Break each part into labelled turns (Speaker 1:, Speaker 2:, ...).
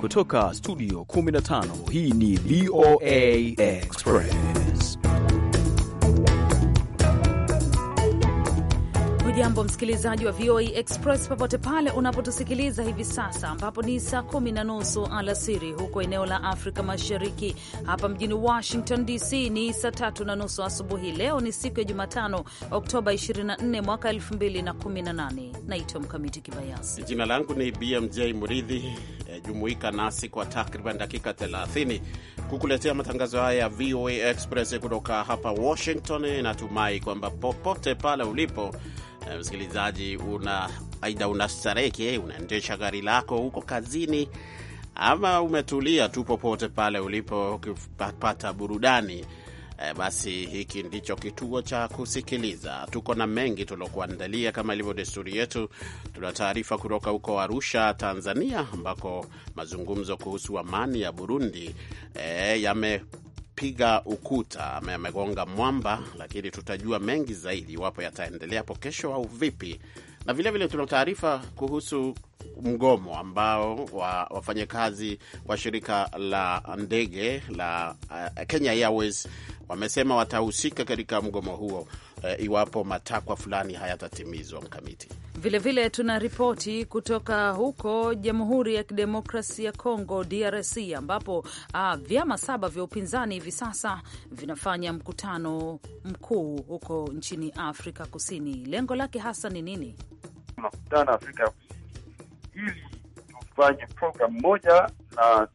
Speaker 1: Kutoka studio 15 hii ni VOA Express.
Speaker 2: Hujambo msikilizaji wa VOA Express popote pale unapotusikiliza hivi sasa, ambapo ni saa kumi na nusu alasiri huko eneo la Afrika Mashariki. Hapa mjini Washington DC ni saa tatu na nusu asubuhi. Leo ni siku ya Jumatano, Oktoba 24 mwaka 2018. Naitwa Mkamiti Kibayasi, jina
Speaker 3: langu ni BMJ Muridhi. Jumuika nasi kwa takriban dakika 30 kukuletea matangazo haya ya VOA Express kutoka hapa Washington. Natumai kwamba popote pale ulipo eh, msikilizaji, una aidha unastarehe, unaendesha gari lako huko kazini, ama umetulia tu popote pale ulipo ukipata burudani E, basi hiki ndicho kituo cha kusikiliza. Tuko na mengi tuliokuandalia kama ilivyo desturi yetu. Tuna taarifa kutoka huko Arusha, Tanzania, ambako mazungumzo kuhusu amani ya Burundi e, eh, yame piga ukuta yamegonga mwamba, lakini tutajua mengi zaidi iwapo yataendelea hapo kesho au vipi. Na vilevile tuna taarifa kuhusu mgomo ambao wa wafanyakazi wa shirika la ndege la uh, Kenya Airways wamesema watahusika katika mgomo huo uh, iwapo matakwa fulani hayatatimizwa.
Speaker 2: Mkamiti, vilevile tuna ripoti kutoka huko Jamhuri ya Kidemokrasi ya Kongo, DRC, ambapo uh, vyama saba vya upinzani hivi sasa vinafanya mkutano mkuu huko nchini Afrika Kusini. Lengo lake hasa ni nini?
Speaker 4: Makutano Afrika Kusini ili tufanye programu moja na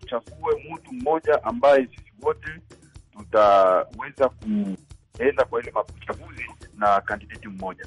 Speaker 4: tuchague mtu mmoja ambaye sisi wote tutaweza kuenda kwa ile machaguzi na kandidati mmoja.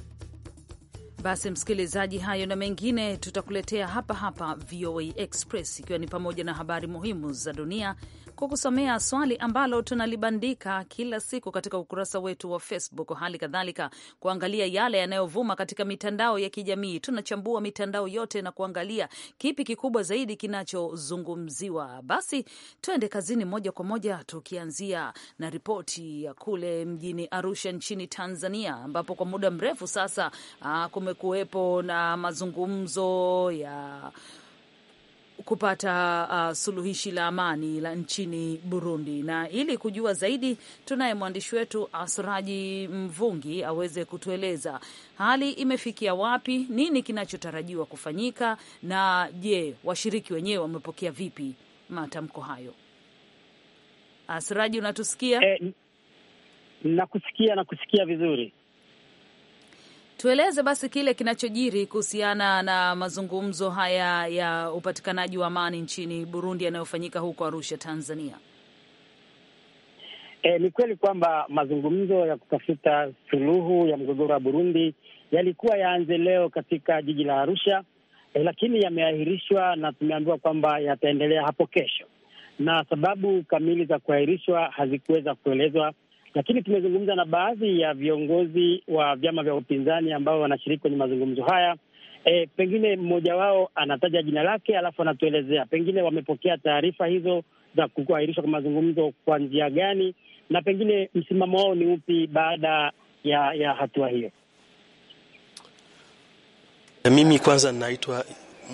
Speaker 2: Basi msikilizaji, hayo na mengine tutakuletea hapa hapa VOA Express, ikiwa ni pamoja na habari muhimu za dunia, kukusomea swali ambalo tunalibandika kila siku katika ukurasa wetu wa Facebook, hali kadhalika kuangalia yale yanayovuma katika mitandao ya kijamii. Tunachambua mitandao yote na kuangalia kipi kikubwa zaidi kinachozungumziwa. Basi twende kazini moja kwa moja, tukianzia na ripoti ya kule mjini Arusha nchini Tanzania, ambapo kwa muda mrefu sasa ah, kumekuwepo na mazungumzo ya kupata uh, suluhishi la amani la nchini Burundi. Na ili kujua zaidi, tunaye mwandishi wetu Asraji Mvungi aweze kutueleza hali imefikia wapi, nini kinachotarajiwa kufanyika, na je, washiriki wenyewe wamepokea vipi matamko hayo? Asraji, unatusikia? Eh,
Speaker 5: nakusikia, nakusikia vizuri.
Speaker 2: Tueleze basi kile kinachojiri kuhusiana na mazungumzo haya ya upatikanaji wa amani nchini Burundi yanayofanyika huko Arusha, Tanzania.
Speaker 5: E, ni kweli kwamba mazungumzo ya kutafuta suluhu ya mgogoro wa Burundi yalikuwa yaanze leo katika jiji la Arusha e, lakini yameahirishwa na tumeambiwa kwamba yataendelea hapo kesho, na sababu kamili za kuahirishwa hazikuweza kuelezwa lakini tumezungumza na baadhi ya viongozi wa vyama vya upinzani ambao wanashiriki kwenye mazungumzo haya. E, pengine mmoja wao anataja jina lake alafu anatuelezea pengine wamepokea taarifa hizo za kuahirishwa kwa mazungumzo kwa njia gani, na pengine msimamo wao ni upi baada ya ya hatua hiyo.
Speaker 6: Mimi kwanza naitwa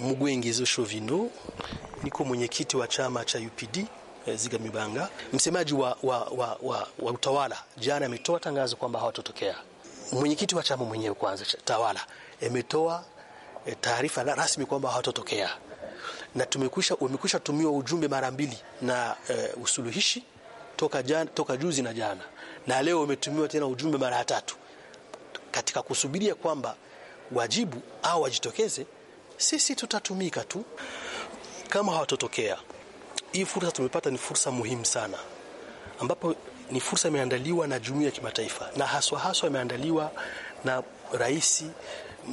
Speaker 6: Mugwengezo Zushovino, niko mwenyekiti wa chama cha UPD Eh, ziga mibanga msemaji wa, wa, wa, wa, wa utawala jana ametoa tangazo kwamba hawatotokea. Mwenyekiti wa chama mwenyewe kwanza tawala ametoa e, taarifa rasmi kwamba hawatotokea, na tumekwisha umekwisha tumiwa ujumbe mara mbili na e, usuluhishi toka, jana, toka juzi na jana na leo umetumiwa tena ujumbe mara ya tatu katika kusubiria kwamba wajibu au wajitokeze. Sisi tutatumika tu kama hawatotokea hii fursa tumepata ni fursa muhimu sana, ambapo ni fursa imeandaliwa na jumuiya ya kimataifa na haswa haswa imeandaliwa na rais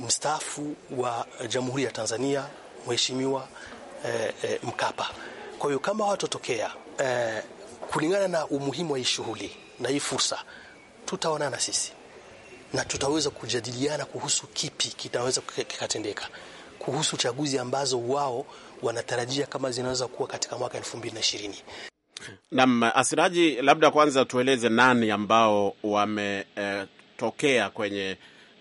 Speaker 6: mstaafu wa Jamhuri ya Tanzania Mheshimiwa eh, eh, Mkapa. Kwa hiyo kama watotokea eh, kulingana na umuhimu wa hii shughuli na hii fursa, tutaonana sisi na tutaweza kujadiliana kuhusu kipi kitaweza kikatendeka kuhusu chaguzi ambazo wao wanatarajia kama zinaweza kuwa katika mwaka 2020.
Speaker 3: nam Asiraji, labda kwanza tueleze nani ambao wametokea eh, kwenye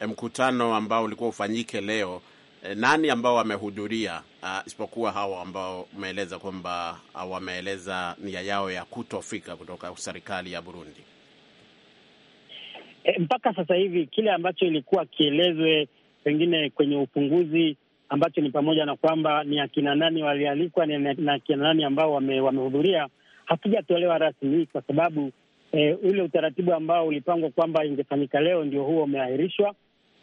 Speaker 3: mkutano ambao ulikuwa ufanyike leo eh, nani ambao wamehudhuria ah, isipokuwa hawa ambao umeeleza kwamba ah, wameeleza nia yao ya kutofika kutoka serikali ya Burundi.
Speaker 5: E, mpaka sasa hivi kile ambacho ilikuwa kielezwe pengine kwenye upunguzi ambacho ni pamoja na kwamba ni akina nani walialikwa na akina nani ambao wame, wamehudhuria hakijatolewa rasmi, kwa sababu eh, ule utaratibu ambao ulipangwa kwamba ingefanyika leo ndio huo umeahirishwa,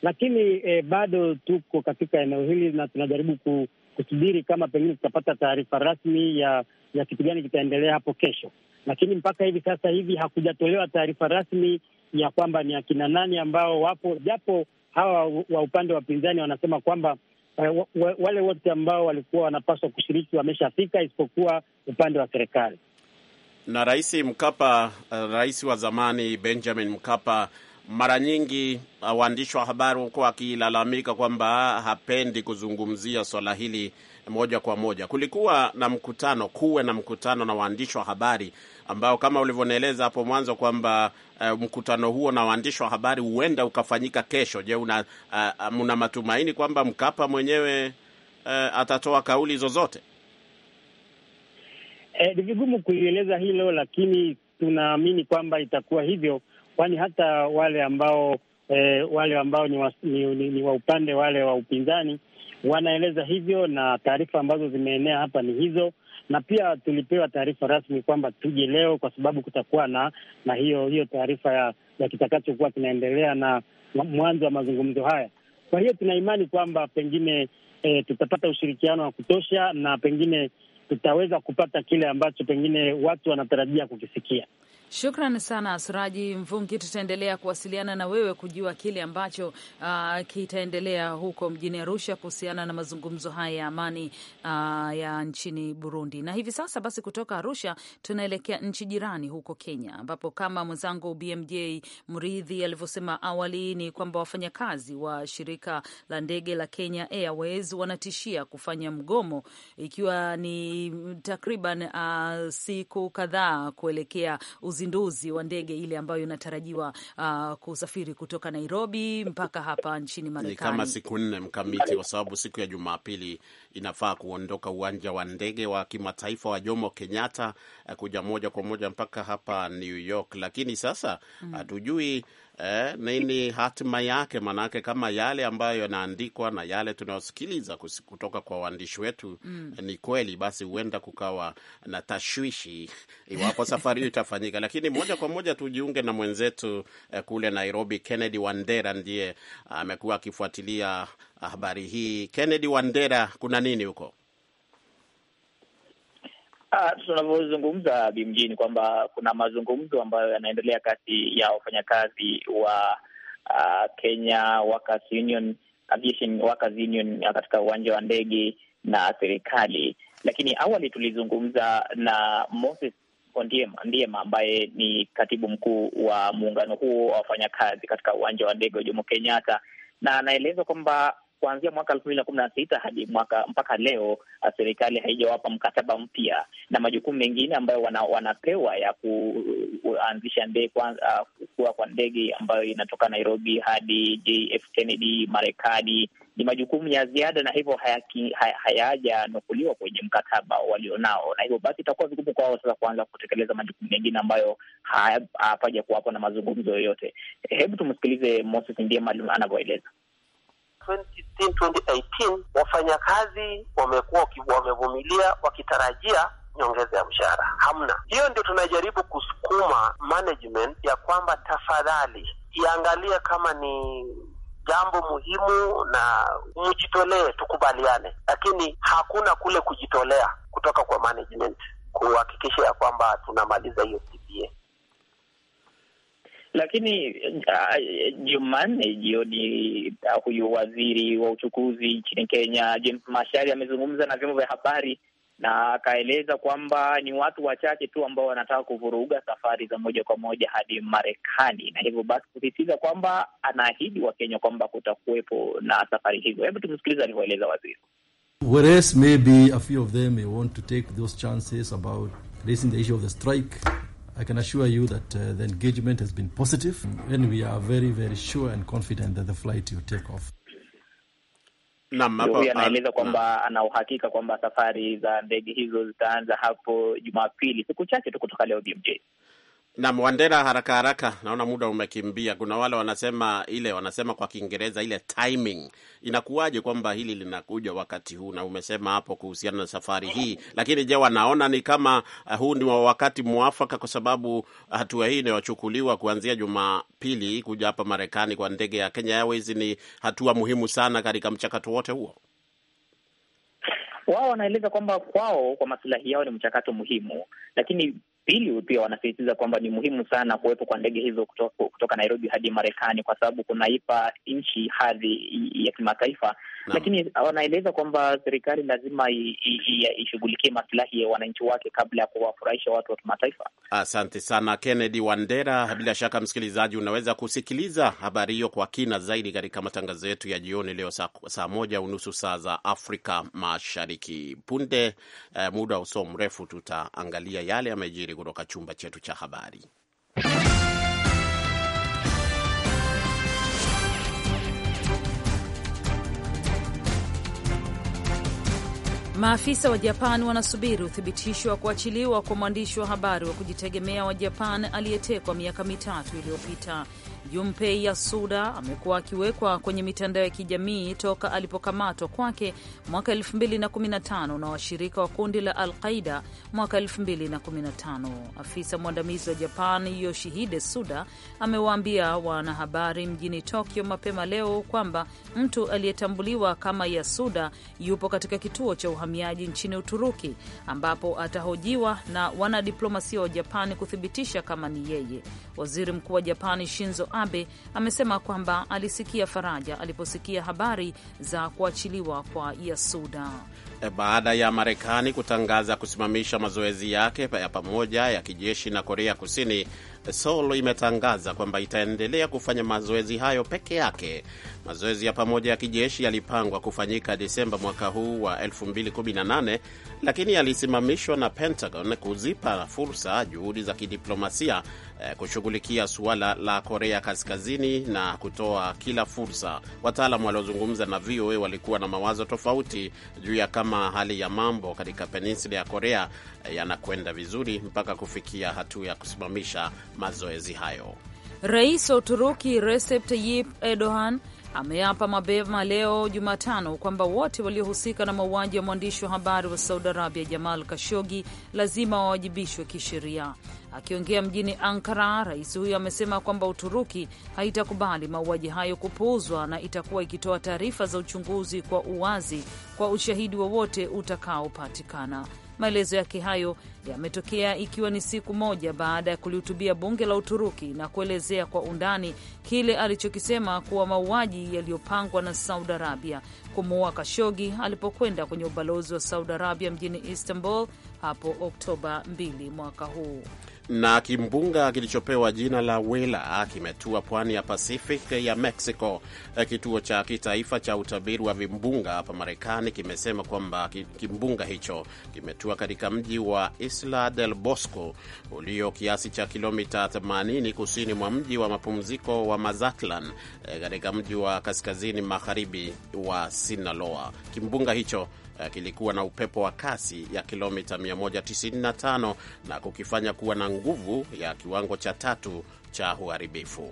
Speaker 5: lakini eh, bado tuko katika eneo hili na tunajaribu kusubiri kama pengine tutapata taarifa rasmi ya ya kitu gani kitaendelea hapo kesho, lakini mpaka hivi sasa hivi hakujatolewa taarifa rasmi ya kwamba ni akina nani ambao wapo, japo hawa wa upande wa pinzani wanasema kwamba Eh, wale wote ambao walikuwa wanapaswa kushiriki wameshafika, isipokuwa upande wa serikali
Speaker 3: na Rais Mkapa, eh, rais wa zamani Benjamin Mkapa mara nyingi uh, waandishi wa habari hukuwa wakilalamika kwamba hapendi kuzungumzia swala hili moja kwa moja. Kulikuwa na mkutano, kuwe na mkutano na waandishi wa habari ambao kama ulivyonieleza hapo mwanzo kwamba uh, mkutano huo na waandishi wa habari huenda ukafanyika kesho. Je, una uh, uh mna matumaini kwamba Mkapa mwenyewe uh, atatoa kauli zozote?
Speaker 5: Eh, ni eh, vigumu kuieleza hilo, lakini tunaamini kwamba itakuwa hivyo kwani hata wale ambao eh, wale ambao ni wa, ni, ni, ni wa upande wale wa upinzani wanaeleza hivyo, na taarifa ambazo zimeenea hapa ni hizo na pia tulipewa taarifa rasmi kwamba tuje leo kwa sababu kutakuwa na na hiyo hiyo taarifa ya, ya kitakachokuwa kinaendelea na mwanzo wa mazungumzo haya. Kwa hiyo tuna imani kwamba pengine e, tutapata ushirikiano wa kutosha na pengine tutaweza kupata kile ambacho pengine watu wanatarajia kukisikia.
Speaker 2: Shukran sana Suraji Mvungi, tutaendelea kuwasiliana na wewe kujua kile ambacho uh, kitaendelea huko mjini Arusha kuhusiana na mazungumzo haya ya amani uh, ya nchini Burundi. Na hivi sasa basi, kutoka Arusha tunaelekea nchi jirani huko Kenya, ambapo kama mwenzangu BMJ Mridhi alivyosema awali ni kwamba wafanyakazi wa shirika la ndege la Kenya Airways wanatishia kufanya mgomo, ikiwa ni takriban uh, siku kadhaa kuelekea uzi uzinduzi wa ndege ile ambayo inatarajiwa uh, kusafiri kutoka Nairobi mpaka hapa nchini Marekani. Ni kama siku
Speaker 3: nne mkamiti, kwa sababu siku ya Jumapili inafaa kuondoka uwanja wa ndege wa kimataifa wa Jomo Kenyatta uh, kuja moja kwa moja mpaka hapa New York, lakini sasa mm. hatujui mm eh, nini hatima yake? Maanake kama yale ambayo yanaandikwa na yale tunayosikiliza kutoka kwa waandishi wetu mm. ni kweli, basi huenda kukawa na tashwishi iwapo safari hiyo itafanyika. Lakini moja kwa moja tujiunge na mwenzetu eh, kule Nairobi. Kennedy Wandera ndiye amekuwa ah, akifuatilia habari hii. Kennedy Wandera, kuna nini huko?
Speaker 7: Ah, tunavyozungumza bimjini kwamba kuna mazungumzo ambayo yanaendelea kati ya wafanyakazi wa uh, Kenya Workers Union, Aviation ah, Workers Union katika uwanja wa ndege na serikali, lakini awali tulizungumza na Moses Ndiema ambaye ni katibu mkuu wa muungano huo wa wafanyakazi katika uwanja wa ndege wa Jomo Kenyatta, na anaeleza kwamba kuanzia mwaka elfu mbili na kumi na sita hadi mwaka mpaka leo uh, serikali haijawapa mkataba mpya na majukumu mengine ambayo wana, wanapewa ya kuanzisha ndege uh, kuwa kwa ndege ambayo inatoka Nairobi hadi JF Kennedy Marekani ni majukumu ya ziada na hivyo hayajanukuliwa kwenye mkataba walionao, na hivyo basi itakuwa vigumu kwao sasa kuanza kutekeleza majukumu mengine ambayo hapaja kuwapo na mazungumzo yoyote. Hebu tumsikilize Moses ndiye anavyoeleza. 2018 wafanyakazi wamekuwa wamevumilia wakitarajia nyongeza ya mshahara hamna. Hiyo ndio tunajaribu kusukuma management ya kwamba tafadhali iangalia kama ni jambo muhimu na mjitolee, tukubaliane, lakini hakuna kule kujitolea kutoka kwa management kuhakikisha ya kwamba tunamaliza hiyo lakini uh, Jumanne jioni uh, huyu waziri wa uchukuzi nchini Kenya James amezungumza na vyombo vya habari na akaeleza kwamba ni watu wachache tu ambao wanataka kuvuruga safari za moja kwa moja hadi Marekani, na hivyo basi kusisitiza kwamba anaahidi Wakenya kwamba kutakuwepo na safari hizo. Hebu tumsikiliza alivyoeleza waziri.
Speaker 6: Whereas maybe a few of them may want to take those chances about raising the issue of the strike I can assure you that uh, the engagement has been positive and we are very, very sure and confident that the flight will take off.
Speaker 3: Huyu anaeleza
Speaker 7: kwamba ana uhakika kwamba safari za ndege hizo zitaanza hapo Jumapili, siku chache tu kutoka leo. BMJ
Speaker 3: na Mwandera, haraka haraka, naona muda umekimbia. Kuna wale wanasema ile, wanasema kwa Kiingereza ile timing, inakuwaje kwamba hili linakuja wakati huu? Na umesema hapo kuhusiana na safari hii, lakini je, wanaona ni kama uh, huu ni wa wakati mwafaka, kwa sababu hatua hii inayochukuliwa kuanzia Jumapili kuja hapa Marekani kwa ndege ya Kenya Airways ni hatua muhimu sana katika mchakato wote huo?
Speaker 7: Wao wanaeleza kwamba kwao, kwa masilahi yao ni mchakato muhimu, lakini Pili, pia wanasisitiza kwamba ni muhimu sana kuwepo kwa ndege hizo kutoka, kutoka Nairobi hadi Marekani kwa sababu kunaipa nchi hadhi ya kimataifa lakini wanaeleza kwamba serikali lazima ishughulikie masilahi ya wananchi wake kabla ya kuwafurahisha watu wa kimataifa.
Speaker 3: Asante sana Kennedy Wandera. Bila shaka, msikilizaji, unaweza kusikiliza habari hiyo kwa kina zaidi katika matangazo yetu ya jioni leo saa, saa moja unusu saa za Afrika Mashariki. Punde eh, muda usio mrefu tutaangalia yale yamejiri kutoka chumba chetu cha habari.
Speaker 2: Maafisa wa Japan wanasubiri uthibitisho wa kuachiliwa kwa mwandishi wa habari wa kujitegemea wa Japan aliyetekwa miaka mitatu iliyopita. Junpei Yasuda amekuwa akiwekwa kwenye mitandao ya kijamii toka alipokamatwa kwake mwaka 2015 na washirika wa kundi la Al Qaida mwaka 2015. Afisa mwandamizi wa Japan Yoshihide Suda amewaambia wanahabari mjini Tokyo mapema leo kwamba mtu aliyetambuliwa kama Yasuda yupo katika kituo cha uhamiaji uhamiaji nchini Uturuki, ambapo atahojiwa na wanadiplomasia wa Japani kuthibitisha kama ni yeye. Waziri Mkuu wa Japani Shinzo Abe amesema kwamba alisikia faraja aliposikia habari za kuachiliwa kwa Yasuda
Speaker 3: e, baada ya Marekani kutangaza kusimamisha mazoezi yake ya pamoja ya kijeshi na Korea Kusini Seoul imetangaza kwamba itaendelea kufanya mazoezi hayo peke yake. Mazoezi ya pamoja ya kijeshi yalipangwa kufanyika Desemba mwaka huu wa 2018 lakini yalisimamishwa na Pentagon kuzipa fursa juhudi za kidiplomasia eh, kushughulikia suala la Korea Kaskazini na kutoa kila fursa. Wataalam waliozungumza na VOA walikuwa na mawazo tofauti juu ya kama hali ya mambo katika peninsula ya Korea yanakwenda vizuri mpaka kufikia hatua ya kusimamisha mazoezi
Speaker 2: hayo. Rais wa Uturuki Recep Tayyip Erdogan ameapa mapema leo Jumatano kwamba wote waliohusika na mauaji ya mwandishi wa habari wa Saudi Arabia Jamal Kashogi lazima wawajibishwe kisheria. Akiongea mjini Ankara, rais huyo amesema kwamba Uturuki haitakubali mauaji hayo kupuuzwa na itakuwa ikitoa taarifa za uchunguzi kwa uwazi kwa ushahidi wowote utakaopatikana. Maelezo yake hayo yametokea ikiwa ni siku moja baada ya kulihutubia bunge la Uturuki na kuelezea kwa undani kile alichokisema kuwa mauaji yaliyopangwa na Saudi Arabia kumuua Kashogi alipokwenda kwenye ubalozi wa Saudi Arabia mjini Istanbul hapo Oktoba 2 mwaka huu.
Speaker 3: Na kimbunga kilichopewa jina la wila kimetua pwani ya Pacific ya Mexico. Eh, kituo cha kitaifa cha utabiri wa vimbunga hapa Marekani kimesema kwamba kimbunga hicho kimetua katika mji wa Isla del Bosco ulio kiasi cha kilomita 80 kusini mwa mji wa mapumziko wa Mazatlan eh, katika mji wa kaskazini magharibi wa Sinaloa. Kimbunga hicho Eh, kilikuwa na upepo wa kasi ya kilomita 195 na kukifanya kuwa na nguvu ya kiwango cha tatu cha uharibifu.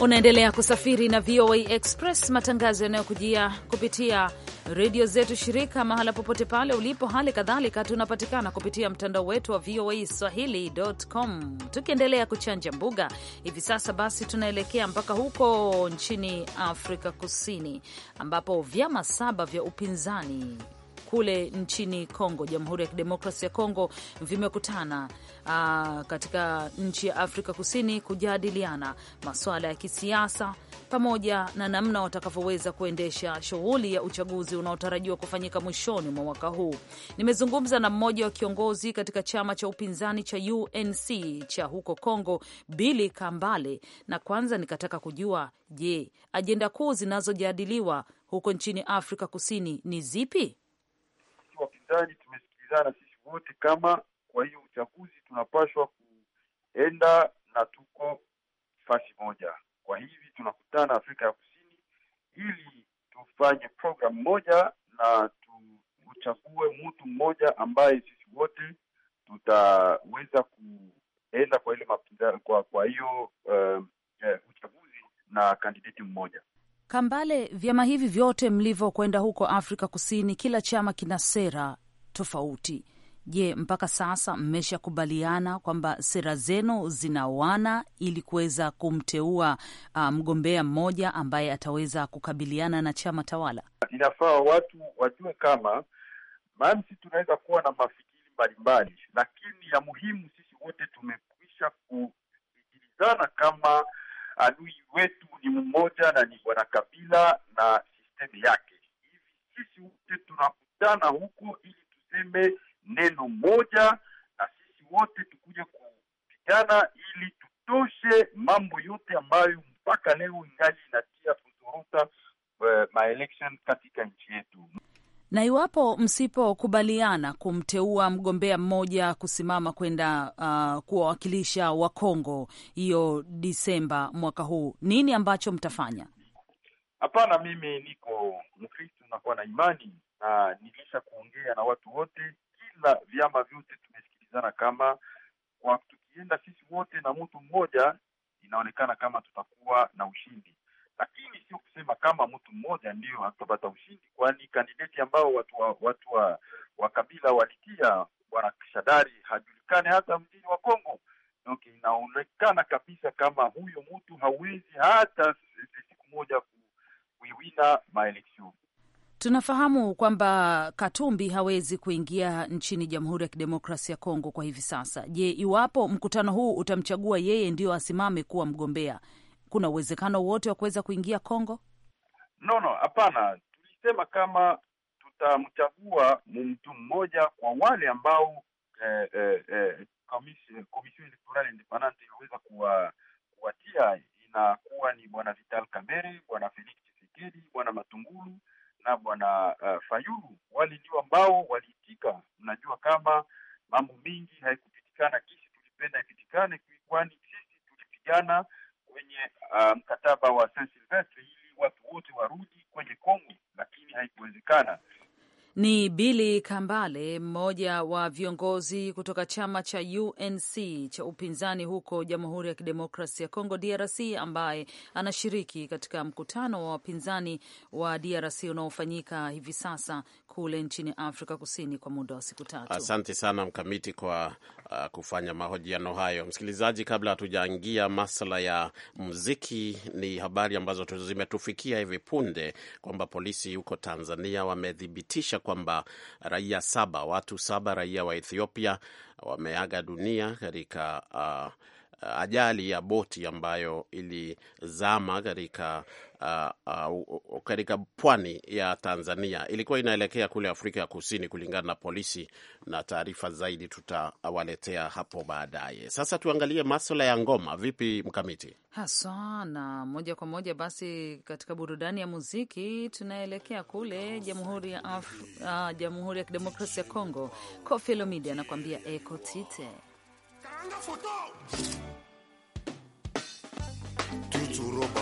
Speaker 2: Unaendelea kusafiri na VOA Express, matangazo yanayokujia kupitia redio zetu shirika mahala popote pale ulipo. Hali kadhalika tunapatikana kupitia mtandao wetu wa VOA Swahili.com. Tukiendelea kuchanja mbuga hivi sasa, basi tunaelekea mpaka huko nchini Afrika Kusini ambapo vyama saba vya upinzani kule nchini Kongo, Jamhuri ya Kidemokrasi ya Kongo vimekutana uh, katika nchi ya Afrika Kusini kujadiliana masuala ya kisiasa pamoja na namna watakavyoweza kuendesha shughuli ya uchaguzi unaotarajiwa kufanyika mwishoni mwa mwaka huu. Nimezungumza na mmoja wa kiongozi katika chama cha upinzani cha UNC cha huko Kongo, Billy Kambale, na kwanza nikataka kujua, je, ajenda kuu zinazojadiliwa huko nchini Afrika Kusini ni zipi?
Speaker 4: sisi wapinzani tumesikilizana sisi wote kama kwa hiyo uchaguzi tunapashwa kuenda na tuko fasi moja. Kwa hivi tunakutana Afrika ya Kusini ili tufanye programu moja na tuchague mtu mmoja ambaye
Speaker 2: Kambale, vyama hivi vyote mlivyokwenda huko Afrika Kusini, kila chama kina sera tofauti. Je, mpaka sasa mmeshakubaliana kwamba sera zenu zinawana ili kuweza kumteua uh, mgombea mmoja ambaye ataweza kukabiliana na chama tawala?
Speaker 4: Inafaa watu wajue kama maamsi tunaweza kuwa na mafikiri mbalimbali, sisi wote tunakutana huko ili tuseme neno moja, na sisi wote tukuje kupigana ili tutoshe mambo yote ambayo mpaka leo ingali inatia kuzuruta uh, maelection katika nchi yetu
Speaker 2: na iwapo msipokubaliana kumteua mgombea mmoja kusimama kwenda uh, kuwawakilisha wa Kongo hiyo Disemba mwaka huu, nini ambacho mtafanya?
Speaker 4: Hapana, mimi niko Mkristo tunakuwa na imani na nilisha kuongea na watu wote, kila vyama vyote tumesikilizana kama kwa tukienda sisi wote na mtu mmoja, inaonekana kama tutakuwa na ushindi, lakini sio kusema kama mtu mmoja ndiyo hatutapata ushindi, kwani kandidati ambao watu wa, watu wa, wa kabila walitia bwana Shadari hajulikane hata mjini wa Kongo. Okay, inaonekana kabisa kama huyo mtu hawezi hata siku moja kuiwina maeleksio.
Speaker 2: Tunafahamu kwamba Katumbi hawezi kuingia nchini Jamhuri ya Kidemokrasia ya Kongo kwa hivi sasa. Je, iwapo mkutano huu utamchagua yeye ndiyo asimame kuwa mgombea, kuna uwezekano wote wa kuweza kuingia Kongo?
Speaker 4: No, no, hapana. Tulisema kama tutamchagua mtu mmoja kwa wale ambao eh, eh, eh, independante iliweza kuwa, kuwatia, inakuwa ni bwana Vital Kamerhe, bwana Felix Tshisekedi, bwana Matungulu na bwana uh, Fayulu wale ndio ambao waliitika. Mnajua kama mambo mingi haikupitikana kisi tulipenda ipitikane, kwani sisi tulipigana kwenye eh, mkataba wa Saint Silvestre ili watu wote warudi kwenye Kongo, lakini haikuwezekana.
Speaker 2: Ni Billy Kambale, mmoja wa viongozi kutoka chama cha UNC cha upinzani huko Jamhuri ya Kidemokrasi ya Kongo, DRC, ambaye anashiriki katika mkutano wa wapinzani wa DRC unaofanyika hivi sasa kule nchini Afrika Kusini kwa muda wa siku tatu. Asante
Speaker 3: sana Mkamiti kwa uh, kufanya mahojiano hayo. Msikilizaji, kabla hatujaingia masala ya muziki, ni habari ambazo zimetufikia hivi punde kwamba polisi huko Tanzania wamethibitisha kwamba raia saba, watu saba raia wa Ethiopia wameaga dunia katika uh, ajali ya boti ambayo ilizama katika uh, uh, katika pwani ya Tanzania ilikuwa inaelekea kule Afrika ya Kusini kulingana na polisi, na taarifa zaidi tutawaletea hapo baadaye. Sasa tuangalie maswala ya ngoma, vipi mkamiti
Speaker 2: haswa, na moja kwa moja basi katika burudani ya muziki tunaelekea kule Jamhuri ya Af uh, Jamhuri ya Kidemokrasia ya Kongo. Koffi Olomide anakuambia eko tite
Speaker 4: Tuturoba.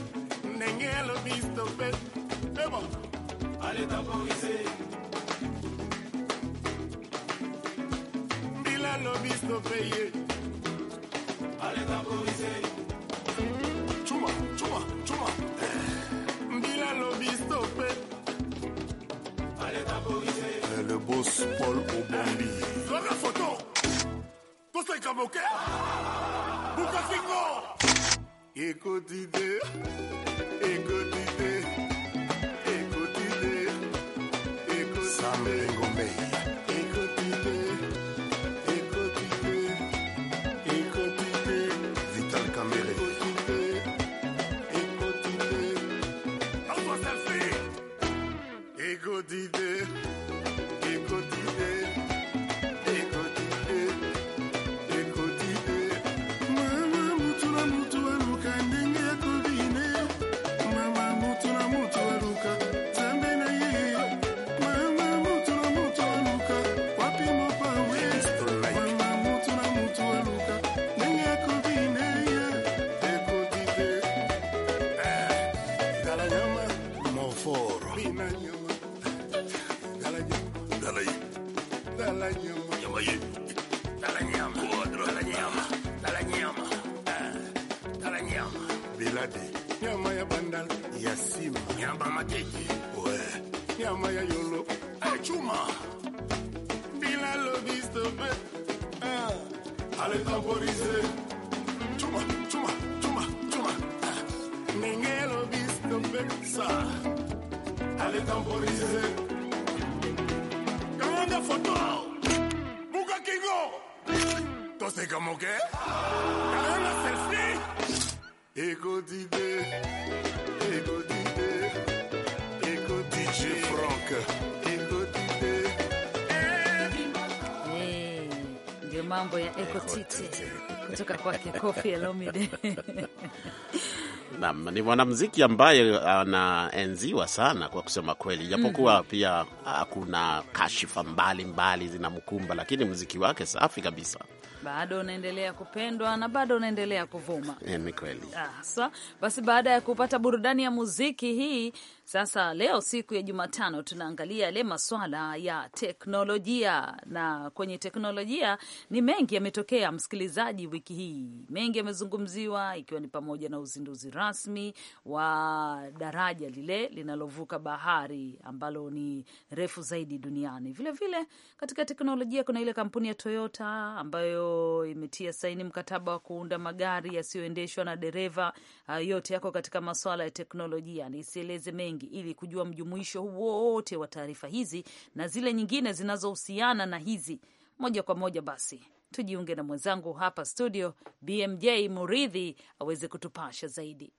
Speaker 4: nenge lobisto fait. C'est bon. Allez temporiser.
Speaker 3: Bila lobisto payé. Allez temporiser. Chuma, chuma, chuma. Bila lobisto fait.
Speaker 4: Allez temporiser. Eh, le boss Paul Obambi. Dans la photo. Tout ça est comme ok. Bukasingo. Écho d'idée, écho d'idée, écho d'idée, écho d'idée.
Speaker 2: mambo ya ekotite kutoka kwake Kofi Elomide.
Speaker 3: Naam, ni mwanamuziki ambaye anaenziwa sana kwa kusema kweli, japokuwa mm -hmm. pia ah, kuna kashifa mbalimbali zinamkumba, lakini muziki wake safi kabisa
Speaker 2: bado unaendelea kupendwa na bado unaendelea kuvuma.
Speaker 3: Eh, ni kweli
Speaker 2: hasa. Ah, so, basi baada ya kupata burudani ya muziki hii sasa leo siku ya Jumatano tunaangalia yale maswala ya teknolojia, na kwenye teknolojia ni mengi yametokea, msikilizaji, wiki hii mengi yamezungumziwa, ikiwa ni pamoja na uzinduzi rasmi wa daraja lile linalovuka bahari ambalo ni refu zaidi duniani. Vilevile vile, katika teknolojia kuna ile kampuni ya Toyota ambayo imetia saini mkataba wa kuunda magari yasiyoendeshwa na dereva. Uh, yote yako katika masuala ya teknolojia. Nisieleze mengi ili kujua mjumuisho wote wa taarifa hizi na zile nyingine zinazohusiana na hizi moja kwa moja, basi tujiunge na mwenzangu hapa studio BMJ Muridhi aweze kutupasha zaidi.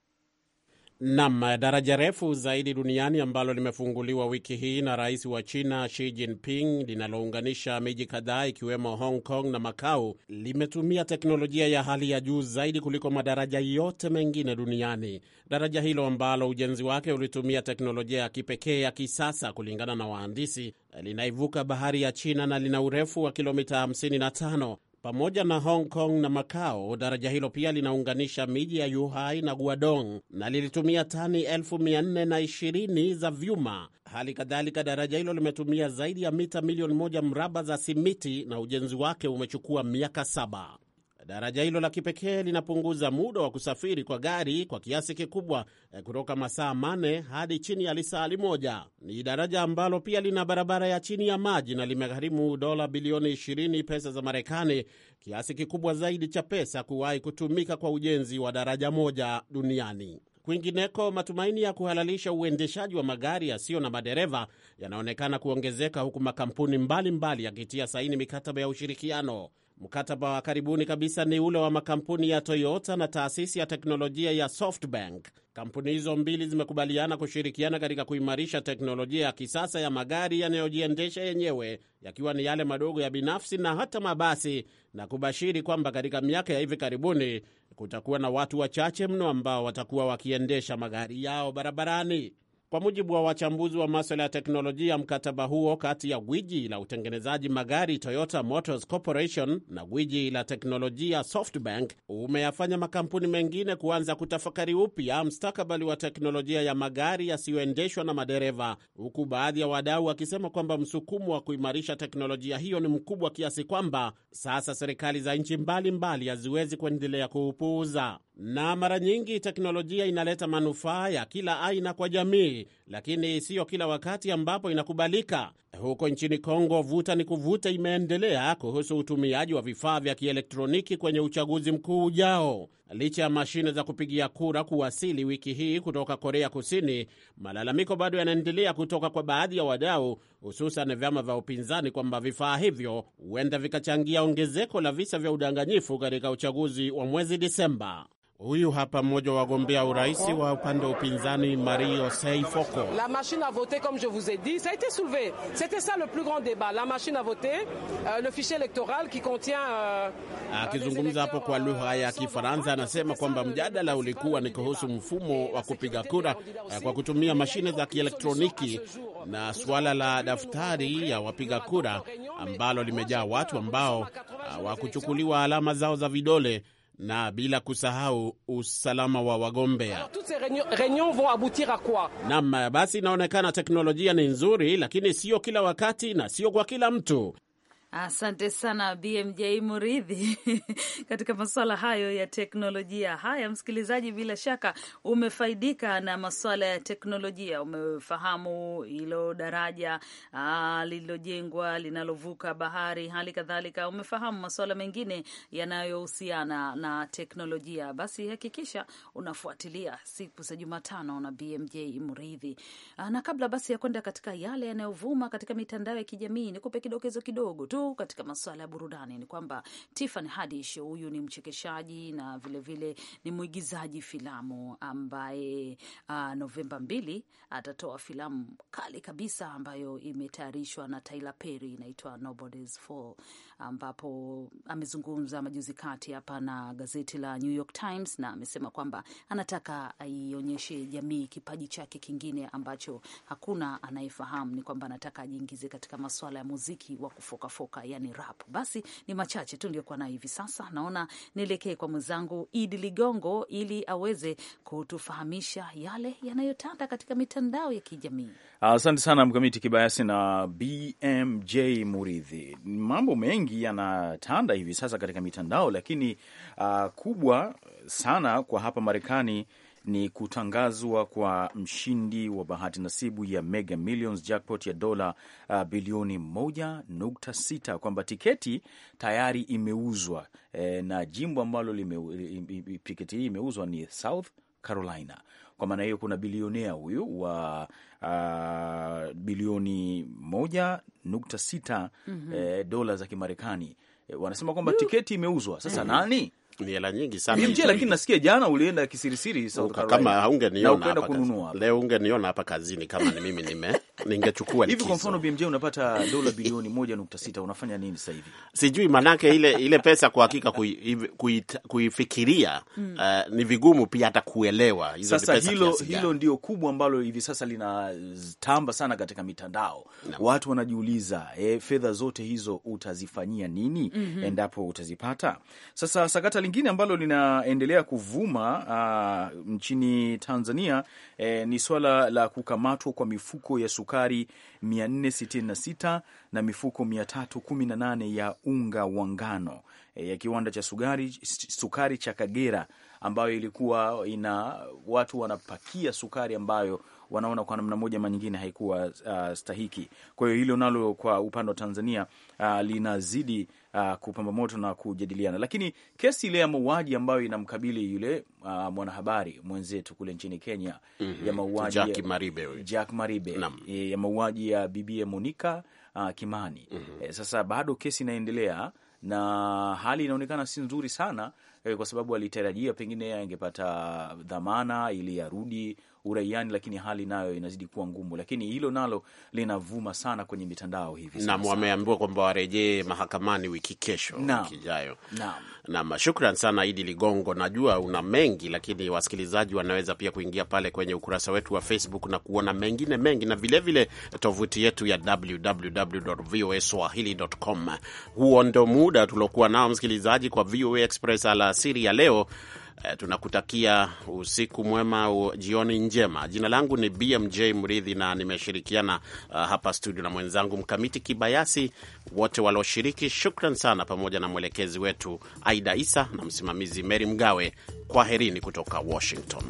Speaker 3: Nam, daraja refu zaidi duniani ambalo limefunguliwa wiki hii na rais wa China Xi Jinping linalounganisha miji kadhaa ikiwemo Hong Kong na Macau limetumia teknolojia ya hali ya juu zaidi kuliko madaraja yote mengine duniani. Daraja hilo ambalo ujenzi wake ulitumia teknolojia ya kipekee ya kisasa, kulingana na wahandisi, linaivuka bahari ya China na lina urefu wa kilomita 55 pamoja na Hong Kong na makao daraja hilo pia linaunganisha miji ya Yuhai na guadong na lilitumia tani 420 za vyuma. Hali kadhalika, daraja hilo limetumia zaidi ya mita milioni moja mraba za simiti na ujenzi wake umechukua miaka saba. Daraja hilo la kipekee linapunguza muda wa kusafiri kwa gari kwa kiasi kikubwa eh, kutoka masaa mane hadi chini ya lisali moja. Ni daraja ambalo pia lina barabara ya chini ya maji na limegharimu dola bilioni 20 pesa za Marekani, kiasi kikubwa zaidi cha pesa kuwahi kutumika kwa ujenzi wa daraja moja duniani. Kwingineko, matumaini ya kuhalalisha uendeshaji wa magari yasiyo na madereva yanaonekana kuongezeka huku makampuni mbalimbali yakitia saini mikataba ya ushirikiano. Mkataba wa karibuni kabisa ni ule wa makampuni ya Toyota na taasisi ya teknolojia ya SoftBank. Kampuni hizo mbili zimekubaliana kushirikiana katika kuimarisha teknolojia ya kisasa ya magari yanayojiendesha yenyewe, yakiwa ni yale madogo ya binafsi na hata mabasi, na kubashiri kwamba katika miaka ya hivi karibuni kutakuwa na watu wachache mno ambao watakuwa wakiendesha magari yao barabarani. Kwa mujibu wa wachambuzi wa maswala ya teknolojia, mkataba huo kati ya gwiji la utengenezaji magari Toyota Motors Corporation na gwiji la teknolojia SoftBank umeyafanya makampuni mengine kuanza kutafakari upya mstakabali wa teknolojia ya magari yasiyoendeshwa na madereva, huku baadhi ya wadau wakisema kwamba msukumo wa kuimarisha teknolojia hiyo ni mkubwa kiasi kwamba sasa serikali za nchi mbalimbali haziwezi kuendelea kuupuuza na mara nyingi teknolojia inaleta manufaa ya kila aina kwa jamii, lakini siyo kila wakati ambapo inakubalika. Huko nchini Kongo, vuta ni kuvuta imeendelea kuhusu utumiaji wa vifaa vya kielektroniki kwenye uchaguzi mkuu ujao. Licha ya mashine za kupigia kura kuwasili wiki hii kutoka Korea Kusini, malalamiko bado yanaendelea kutoka kwa baadhi ya wadau, hususan vyama vya upinzani kwamba vifaa hivyo huenda vikachangia ongezeko la visa vya udanganyifu katika uchaguzi wa mwezi Disemba. Huyu hapa mmoja wa wagombea urais wa upande wa upinzani Mario Seifoko.
Speaker 6: La machine a voté comme je vous ai dit, ça a été soulevé. C'était ça le plus grand débat, la machine a voté uh, le fichier électoral qui contient
Speaker 3: uh, akizungumza hapo kwa lugha ya euh, Kifaransa anasema kwamba mjadala ulikuwa ni kuhusu mfumo wa kupiga kura eh, kwa kutumia mashine za kielektroniki na suala la daftari ya wapiga kura ambalo limejaa watu ambao hawakuchukuliwa ah, alama zao za vidole na bila kusahau usalama wa wagombea. Naam, basi inaonekana teknolojia ni nzuri, lakini sio kila wakati na sio kwa kila mtu.
Speaker 2: Asante sana BMJ Muridhi katika masuala hayo ya teknolojia. Haya, msikilizaji, bila shaka umefaidika na masuala ya teknolojia. Umefahamu hilo daraja ah, lililojengwa linalovuka bahari, hali kadhalika umefahamu masuala mengine yanayohusiana na teknolojia. Basi hakikisha unafuatilia siku za Jumatano na BMJ Muridhi. Ah, na kabla basi ya kwenda katika yale yanayovuma katika mitandao ya kijamii, nikupe kidokezo kidogo tu katika masuala ya burudani ni kwamba Tiffany Haddish, huyu ni mchekeshaji na vilevile vile ni mwigizaji filamu ambaye uh, Novemba mbili atatoa filamu kali kabisa ambayo imetayarishwa na Tyler Perry inaitwa Nobody's Fall, ambapo amezungumza majuzi kati hapa na gazeti la New York Times na amesema kwamba anataka aionyeshe jamii kipaji chake kingine ambacho hakuna anayefahamu. Ni kwamba anataka ajiingize katika masuala ya muziki wa kufokafoka kutoka, yani rap. Basi ni machache tu niliyokuwa nayo hivi sasa, naona nielekee kwa mwenzangu Idi Ligongo ili aweze kutufahamisha yale yanayotanda katika mitandao ya kijamii.
Speaker 1: Asante sana Mkamiti Kibayasi na BMJ Muridhi. Mambo mengi yanatanda hivi sasa katika mitandao, lakini uh, kubwa sana kwa hapa Marekani ni kutangazwa kwa mshindi wa bahati nasibu ya Mega Millions jackpot ya dola uh, bilioni 1.6 kwamba tiketi tayari imeuzwa e, na jimbo ambalo tiketi hii imeuzwa ni South Carolina. Kwa maana hiyo kuna bilionea huyu wa uh, bilioni 1.6 mm -hmm. e, dola za Kimarekani. E, wanasema kwamba tiketi imeuzwa sasa, mm -hmm. nani ni hela nyingi sana BMJ, lakini nasikia jana ulienda kisirisiri South Carolina. Kama haungeniona hapa kununua
Speaker 3: leo, ungeniona hapa
Speaker 1: kazini kama ni mimi nime
Speaker 3: ningechukua hivi. Kwa
Speaker 1: mfano BMJ, unapata dola bilioni 1.6 unafanya nini sasa hivi?
Speaker 3: Sijui manake ile ile pesa kwa hakika kuifikiria kui, kui kui uh, ni vigumu pia hata kuelewa hizo pesa. Sasa hilo, hilo
Speaker 1: ndio kubwa ambalo hivi sasa linatamba sana katika mitandao no. Watu wanajiuliza eh, fedha zote hizo utazifanyia nini? mm -hmm. endapo utazipata sasa sakata lingine ambalo linaendelea kuvuma uh, nchini Tanzania eh, ni swala la kukamatwa kwa mifuko ya sukari 466 na mifuko 318 ya unga wa ngano eh, ya kiwanda cha sukari, sukari cha Kagera ambayo ilikuwa ina watu wanapakia sukari ambayo wanaona kwa namna moja manyingine nyingine haikuwa uh, stahiki. Kwa hiyo hilo nalo kwa upande wa Tanzania uh, linazidi uh, kupamba moto na kujadiliana. Lakini kesi ile ya mauaji ambayo inamkabili yule uh, mwanahabari mwenzetu kule nchini Kenya mm -hmm. ya mauaji Jack Maribe, Jack Maribe e, ya mauaji ya Monica uh, Kimani mm -hmm. sasa bado kesi inaendelea na hali inaonekana si nzuri sana e, kwa sababu alitarajia pengine angepata dhamana ili arudi uraiani, lakini hali nayo inazidi kuwa ngumu, lakini hilo nalo linavuma sana kwenye mitandao hivi sasa. Naam, wameambiwa
Speaker 3: kwamba warejee mahakamani wiki kesho, kijayo. ijayo. Naam, shukran sana Idi Ligongo, najua una mengi, lakini wasikilizaji wanaweza pia kuingia pale kwenye ukurasa wetu wa Facebook na kuona mengine mengi, na vilevile tovuti yetu ya www.voaswahili.com. Huo ndo muda tuliokuwa nao msikilizaji, kwa VOA Express alasiri ya leo. Eh, tunakutakia usiku mwema au jioni njema. Jina langu ni BMJ Mridhi na nimeshirikiana uh, hapa studio na mwenzangu Mkamiti Kibayasi. Wote walioshiriki shukran sana, pamoja na mwelekezi wetu Aida Isa na msimamizi Meri Mgawe. Kwaherini kutoka Washington.